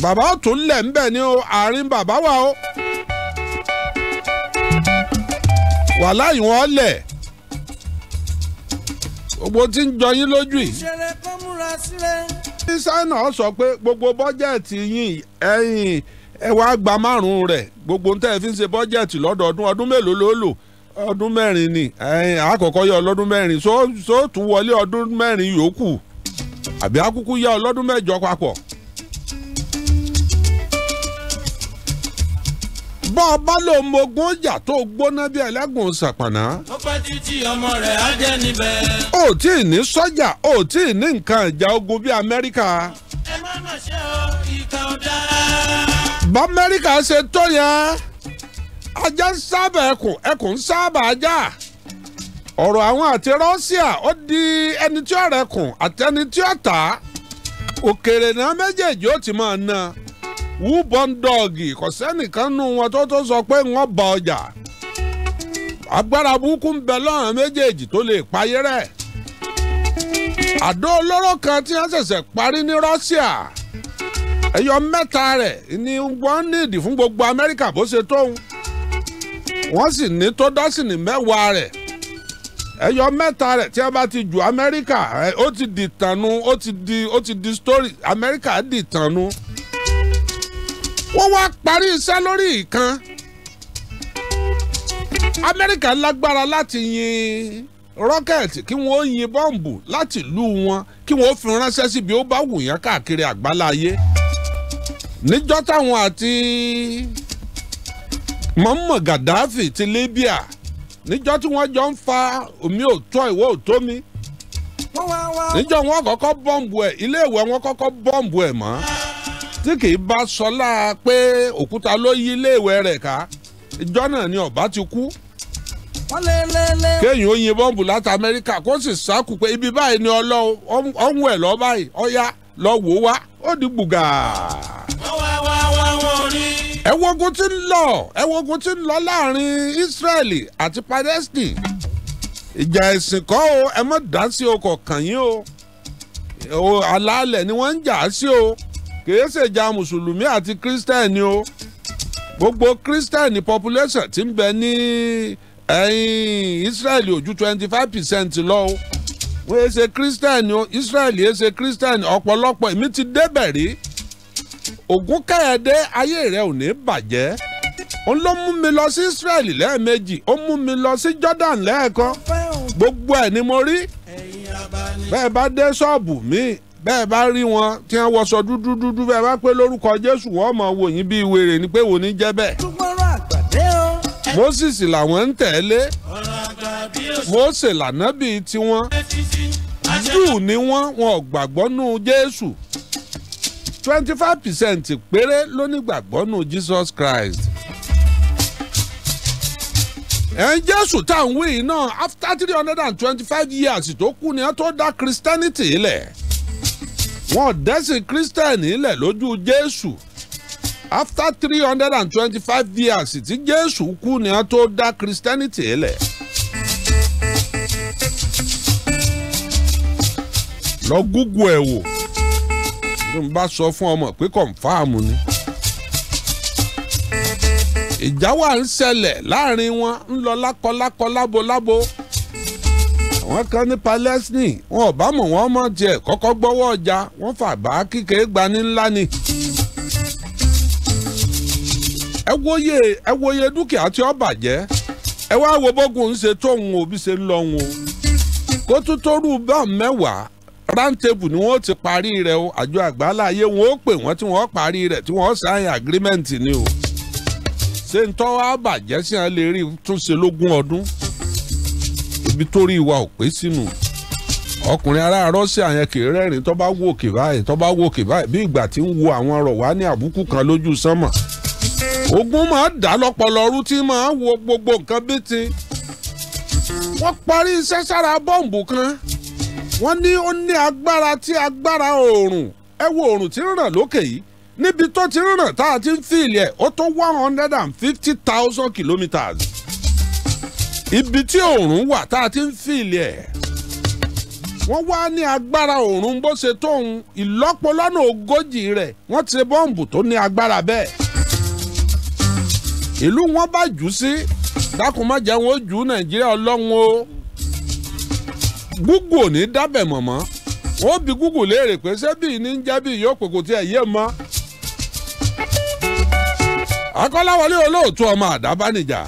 bàbá ọ̀tún lẹ̀ ń bẹ̀ ni o àárín bàbá wa o wàhálà yìí wọ́n lẹ̀ gbogbo tí ń jọ yín lójú yìí. ìṣẹ̀lẹ̀ kan múra sílẹ̀. sísáínà sọ pé gbogbo bọ́jẹ̀tì yín ẹ̀yìn ẹ wá gba márùn-ún rẹ̀ gbogbo tẹ́ ẹ fi ń ṣe bọ́jẹ̀tì lọ́dọọdún ọdún mélòó ló lò ọdún mẹ́rin ni àkọ́kọ́ yọ ọlọ́dún mẹ́rin sóòtú wọlé ọdún mẹ́rin yòókù àbí akúkú yá ọlọ́dún mẹ́jọ papọ̀. bọ́ ọba ló mogun ọjà tó gbóná bí ẹlẹ́gùn ṣàpàná. ó pẹ́ títí ọmọ rẹ̀ á jẹ́ níbẹ̀. ó tí ì ní sọ́jà ó tí ì ní nǹkan ìjà ogun bí amẹ́ríkà. ẹ má mà ṣe o bá amẹ́ríkà ṣe tó yẹn ajá ń sábà ẹkùn di ẹni tí ó rẹkùn àti ẹni tí ó tà á òkèrè náà méjèèjì ti máa ná wúbọ̀ndọ̀gì kò sẹ́nìkan nù wọn tó tó sọ pé wọ́n bọ ọjà agbára burúkú ń bẹ lọ́rùn méjèèjì tó lè payé rẹ̀ àdó olóró kan tí wọ́n ṣẹ̀ṣẹ̀ parí ní Russia ẹyọ mẹ́ta rẹ̀ ni wọ́n nídìí fún gbogbo Amẹ́ríkà bó ṣe tóun wọ́n sì ní tó dọ́sìnì mẹ́wàá rẹ̀ ẹyọ mẹ́ta rẹ̀ ti ju Amẹ́ríkà ó ti di ó di ó ti di story Amẹ́ríkà di wọ́n wá parí iṣẹ́ lórí ìkan amẹ́ríkà lágbára láti yin rọ́kẹ̀tì kí wọ́n yin bọ́ǹbù láti ìlú wọn kí wọ́n fi ránṣẹ́ síbi ó bá wù yẹn káàkiri àgbáláyé níjọ́ táwọn àti mọ́mọ́ Gaddafi ti Libya níjọ́ tí wọ́n jọ ń fa omi òótọ́ ìwé òótọ́ mi níjọ́ wọn kọ́kọ́ bọ́ǹbù ẹ̀ iléèwé wọn kọ́kọ́ bọ́ǹbù ẹ̀ mọ́ tí kì í bá sọlá pé òkúta ló yí iléèwé rẹ̀ ká ìjọ náà ni ọba ti kú kéèyàn ó yin bọ́ǹbù láti amẹ́ríkà kó sì sákù pé ibi báyìí ni ọlọ́run ọ̀hún ẹ̀ lọ́ọ́ báyìí ọ̀yá lọ́ọ́ wò wá ó di gbùgà. ẹ wo ogun ń lọ ẹ wo ogun ń lọ láàrin Israeli àti Palestine ìjà ẹ̀sìn kọ́ o ẹ mọ̀ dá sí o kọ̀ kàn yín o alálẹ̀ ni wọ́n ń jà sí o. kìí ṣèjà mùsùlùmí àti kírísítẹ́nì o gbogbo kírísítẹ́nì population ti ń bẹ ní ẹ̀yìn Israel ojú twenty five percent lọ o wọ́n yẹ ṣe kírísítẹ́nì o Israel yẹ ṣe kírísítẹ́nì ọ̀pọ̀lọpọ̀ èmi ti débẹ̀ rí ògún káyọ̀dé ayé rẹ̀ ò ní bàjẹ́ òun ló mú mi lọ sí Israel lẹ́ẹ̀mejì ó mú mi lọ sí Jordan lẹ́ẹ̀kan gbogbo ẹ̀ ni mo rí bẹ́ẹ̀ bá dé ṣọ́ọ̀bù mi bẹ́ẹ̀ bá rí wọn tí wọ́n wọṣọ dúdú dúdú bẹ́ẹ̀ bá pé lórúkọ Jésù wọ́n mọ̀ wò yín bíi wèrè ni pé wò ní jẹ́ bẹ́ẹ̀. Moses làwọn ń tẹ̀lé Mose lànábì tiwọn Júù ni wọ́n wọn ò gbàgbọ́ nù Jésù twenty five percent péré ló nígbàgbọ́ nù Jesus Christ ẹ̀ẹ́n jésù tá à ń wí yìí náà after three hundred and twenty-five years tó kú ni wọ́n tó dá christianity lẹ̀ wọn dẹ́sìn kírísítẹ́nì ilẹ̀ lójú jésù after three hundred and twenty-five years tí jésù kú ni a tó dá christianity ilẹ̀. lọ gúgù ẹ̀ wò ló ń bá sọ fún ọmọ pé kọ̀ǹfàmù ni. ìjà wà ń ṣẹlẹ̀ láàrin wọn ń lọ lákọ lábo lábo. labo àwọn kan ní palestine wọn ò bá mọ̀ wọ́n mọ̀ kọkọ gbọwọ ọjà wọn fà bá kíkẹ́ gbani ńlá ni. ẹ wòye ẹ wòye dúkìá tí ó bàjẹ́ ẹ wá wo bógun ń ṣe tóun òbí ṣe ń lọ́hùn o kó tún tóru bá mẹ́wàá rántébù ni wọ́n ti parí rẹ o àjọ àgbáláyé wọn ó pè wọ́n tí wọ́n parí rẹ̀ tí wọ́n sign agreement ni o ṣé ń tọ́ wá bàjẹ́ sí à lè rí túnṣe lógún ọdún. ibi tó rí ìwà òpè sínú ọkùnrin ará Russia yẹn kì í rẹ́rìn tó bá wò òkè báyìí tó bá wò òkè báyìí bí ìgbà tí ń wo àwọn ọ̀rọ̀ wá ní àbùkù kan lójú sánmọ̀ ogun máa dà lọ́pọ̀lọ́ ọrú tí máa wo gbogbo nǹkan bíi ti wọ́n parí iṣẹ́ sára bọ́ǹbù kan wọ́n ní ó ní agbára tí agbára oòrùn ẹ wo oòrùn tí ń ràn lókè yìí níbi tó ti ń ràn tá a ti ń fìlì ẹ̀ ó tó one hundred and fifty thousand kilometres. ibi tí òòrùn wà tá a ti ń fìlì ẹ̀ wọ́n wá ní agbára òòrùn bó ṣe tóun ìlọ́pọ̀ lọ́nà ogójì rẹ̀ wọ́n ti bọ́ǹbù tó ní agbára bẹ́ẹ̀ ìlú wọn bá jù sí dákun má jẹ́ wọn ó jù nàìjíríà ọlọ́run o gúgù ò ní dábẹ̀ mọ̀mọ́ ó bi gúgù léèrè pé ṣé bíi ní ń jẹ́ bíi yóò pè kò tiẹ̀ yé mọ́ akọ́láwọlé olóòtú ọmọ àdábánijà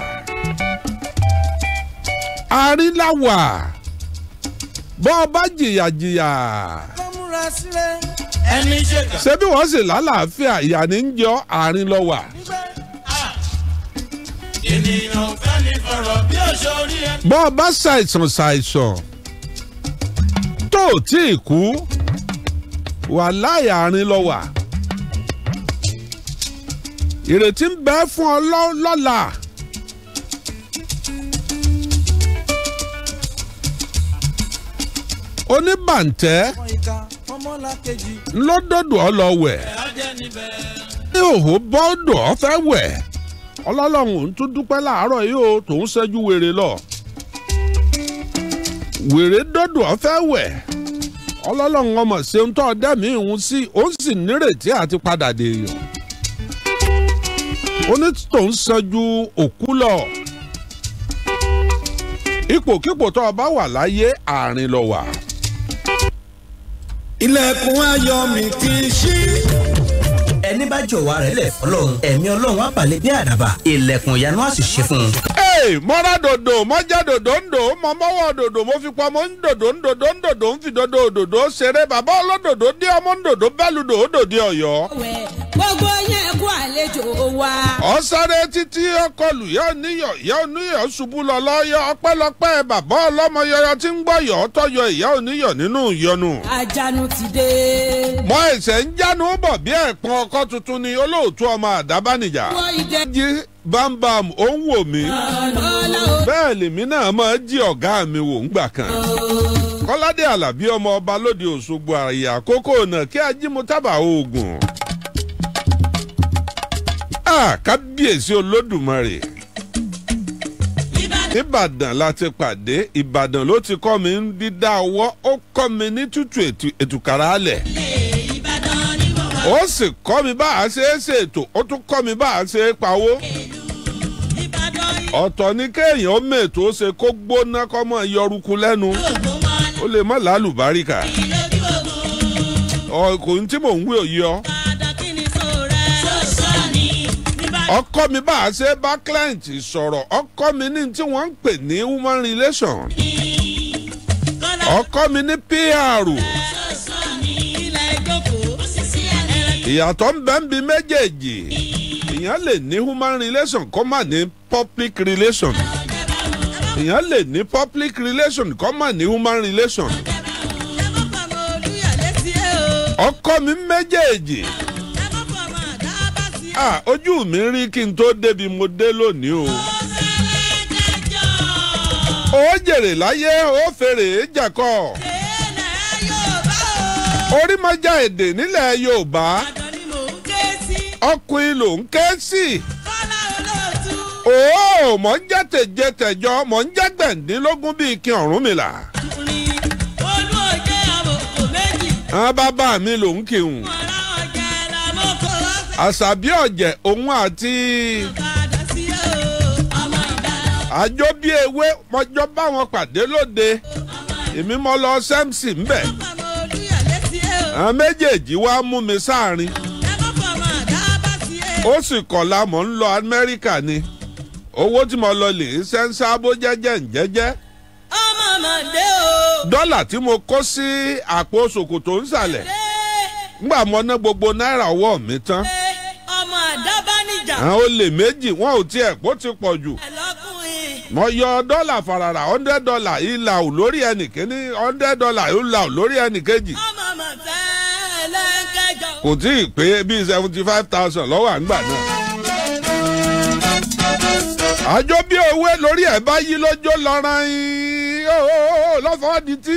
àríláwà bọ́ ọ bá jìyà jìyà. ṣé bí wọ́n sì lálàáfíà ìyà ní ń jọ àárín lọ wà. ènìyàn ò fẹ́ ní fọ̀rọ̀ bí òṣèré. bọ́ ọ bá ṣàìsàn ṣàìsàn tó tí ì kú wà láì àárín lọ ìrètí ń bẹ fún ọ lọ́la. Lo, oníbàǹtẹ́ lọ́dọ̀dọ̀ ọ lọ wẹ̀ ní òhò bọ́ọ̀dọ̀ fẹ́ wẹ̀ ọlọ́lọ́run tún dúpẹ́ láàárọ̀ yìí o tòun ṣẹ́jú wèrè lọ wèrè dọ́dọ̀ fẹ́ wẹ̀ ọlọ́lọ́run ọmọ ṣeun tó dẹ́mi ìhun sí ó sì nírètí àti padà dé èèyàn onítòun ṣẹ́jú òkú lọ ipòkípò tó ọba wà láyé àárín lọ wà. ilẹ̀kùn ayọ̀ mi ti ṣí ẹni bá jọ̀wọ́ rẹ̀ lẹ̀ fọlọ́run ẹ̀mí ọlọ́run á balẹ̀ bí àdàbà ilẹ̀kùn ìyanu á sì ṣe fún un. ee mọ́ra dòdò mọ́jà dòdò ń dò mọ́ mọ́wọ́ dòdò mo fi pamọ́ ń dòdò ń dòdò ń dòdò ń fi dòdò dòdò ṣeré bàbá ọlọ́dòdò dé ọmọ ń dòdò bẹ́ẹ̀ lu dòdò dé ọ̀yọ́. gbogbo yẹn kú àlejò wa. ó sáré títí ọkọlù yóò níyọ yóò níyọ ṣubú lọ lọ́yọ́ ọpẹ́lọpẹ́ bàbá ọlọ́mọ yọyọ tí ń gbọ́yọ̀ tọ́yọ ìyá oníyọ̀ nínú ìyọnu. àjànù ti dé. mọ ẹsẹ̀ ń jánu bọ̀ bí ẹ̀pọ̀n ọkọ tuntun ni olóòtú ọmọ àdábánijà. wọ ìdẹ. jí bam ó ń wò mí. bẹ́ẹ̀ lèmi náà máa jí ọ̀gá mi wò ń gbà kan. kọ́ládé àlàbí ọmọ ọba lóde òṣogbo àyà àkókò náà kí ajímútábà oògùn. Ah, kábíyèsí olódùmarè ìbàdàn la ti pàdé ìbàdàn ló ti kọ́ mi ń dídá ọwọ́ ó kọ́ mi ní tútù ètùkàrà alẹ̀ ó sì kọ́ mi bá a ṣe é ṣètò ó tún kọ́ mi bá a ṣe é pawó ọ̀tọ̀ ni kéèyàn ó mètò ó ṣe kó gbóná kọ́ mọ́ yọrùkú lẹ́nu ó lè má làálùbáríkà ọkùnrin tí mò ń wí òye ọ. ọkọ mi bá a ṣe bá client sọ̀rọ̀ ọkọ mi ní tí wọ́n ń pè ní human relation ọkọ mi ní PR ìyàtọ̀ ń bẹ ń bi méjèèjì èèyàn lè ní human relation kó má ní public relation èèyàn lè ní public relation kó má ní human relation ọkọ mi méjèèjì. ah ojú mi rí kí n tó débi mo dé lónìí o. ó jèrè láyé ó fèrè jàkọ. orí máa já èdè nílẹ̀ Yorùbá. ọkùnrin ló ń ké sí. òó mọ̀ ń jẹ́ tèjẹ́tẹ̀jọ́ mọ̀ ń jẹ́ gbẹ̀ndínlógún bíi kí Ọ̀rúnmìlà. àwọn bàbá mi ló ń kírun. àṣàbí ọ̀jẹ̀ òun àti àjọ bí ewé mọjọ́ báwọn pàdé lóde èmi mo lọ sẹ́msì ńbẹ̀ àwọn méjèèjì wá mú mi sáàrin ó sì kọ̀la mò ń lọ Amẹ́ríkà ni owó tí mo lọ lè sẹ́ńsá bó jẹ́jẹ́ ǹjẹ́jẹ́ dọ́là tí mo kó sí àpò ṣòkòtò ńsàlẹ̀ ngbà mo ná gbogbo náírà ọwọ́ mi tán. àwọn olè méjì wọn ò tiẹ̀ kó ti pọ̀ jù mo yọ dọ́là farara hundred dollar ìlà ò lórí ẹnì hundred dollar ìlà ò lórí ẹnì kejì kò tí ì pé bíi seventy five thousand lọ́wọ́ àgbà náà. àjọ bí owó lórí ẹ̀ bá yí lọ́jọ́ lọ́rán yín lọ́fọ̀ọ́ di tí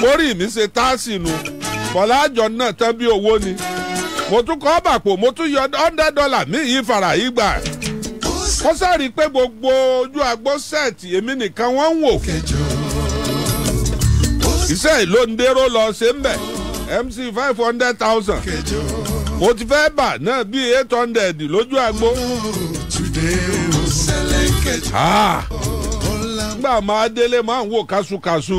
mórí mi ṣe táàsì nu fọlájọ náà tán bí owó ni. mo tún kọ́ mo tún yọ hundred mi fara yìí gbà. wọ́n sáré gbogbo ojú agbó sẹ́ẹ̀tì èmi nìkan wọ́n ń wò. iṣẹ́ ìlóńdéró lọ ṣe ń bẹ̀ mc five hundred thousand mo ti fẹ́ bà náà bíi eight hundred lójú agbó. Ah! nígbà máa délé máa ń wò kásùkásù.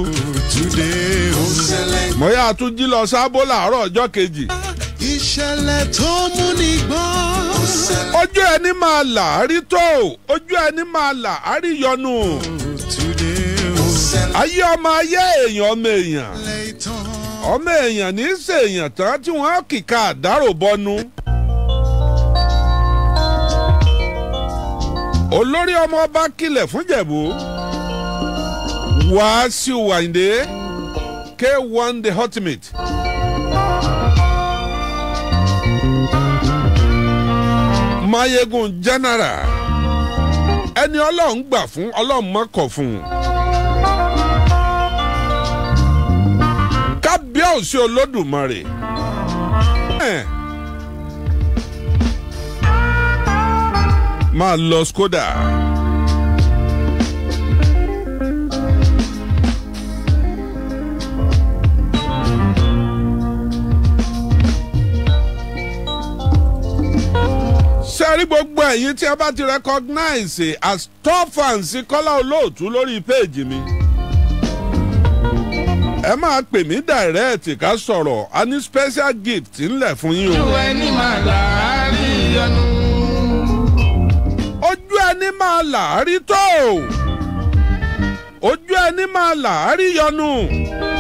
mo yà á tún jí lọ sábó làárọ̀ ọjọ́ ìṣẹ̀lẹ̀ tó mú gbọ́n. ojú ẹni máa là á rí tó ojú ẹni máa là á rí yọnu. ayé ọmọ ayé èèyàn ọmọ èèyàn ọmọ èèyàn ní í ṣèèyàn tán tí wọn kìka àdárò bọnu. olórí ọmọ bá kilẹ̀ fún jẹ̀bú Wàásù Wàyíndé K1 the ultimate. mayegun general ẹni ọlọ́run gbà fún ọlọ́run mọ́kọ̀ fún un. kábíyèsí olódùmarè. máa lọ skoda. sẹ́rí gbogbo ẹ̀yin tí ẹ bá ti recognize as top fans Kọ́lá Olóòtú lórí péèjì mi ẹ máa pè mí direct ká sọ̀rọ̀ a ní special gift ńlẹ̀ fún yín o. ojú ẹni máa làárí yọnu. ojú ẹni máa làárí tó ojú ẹni máa làárí yọnu.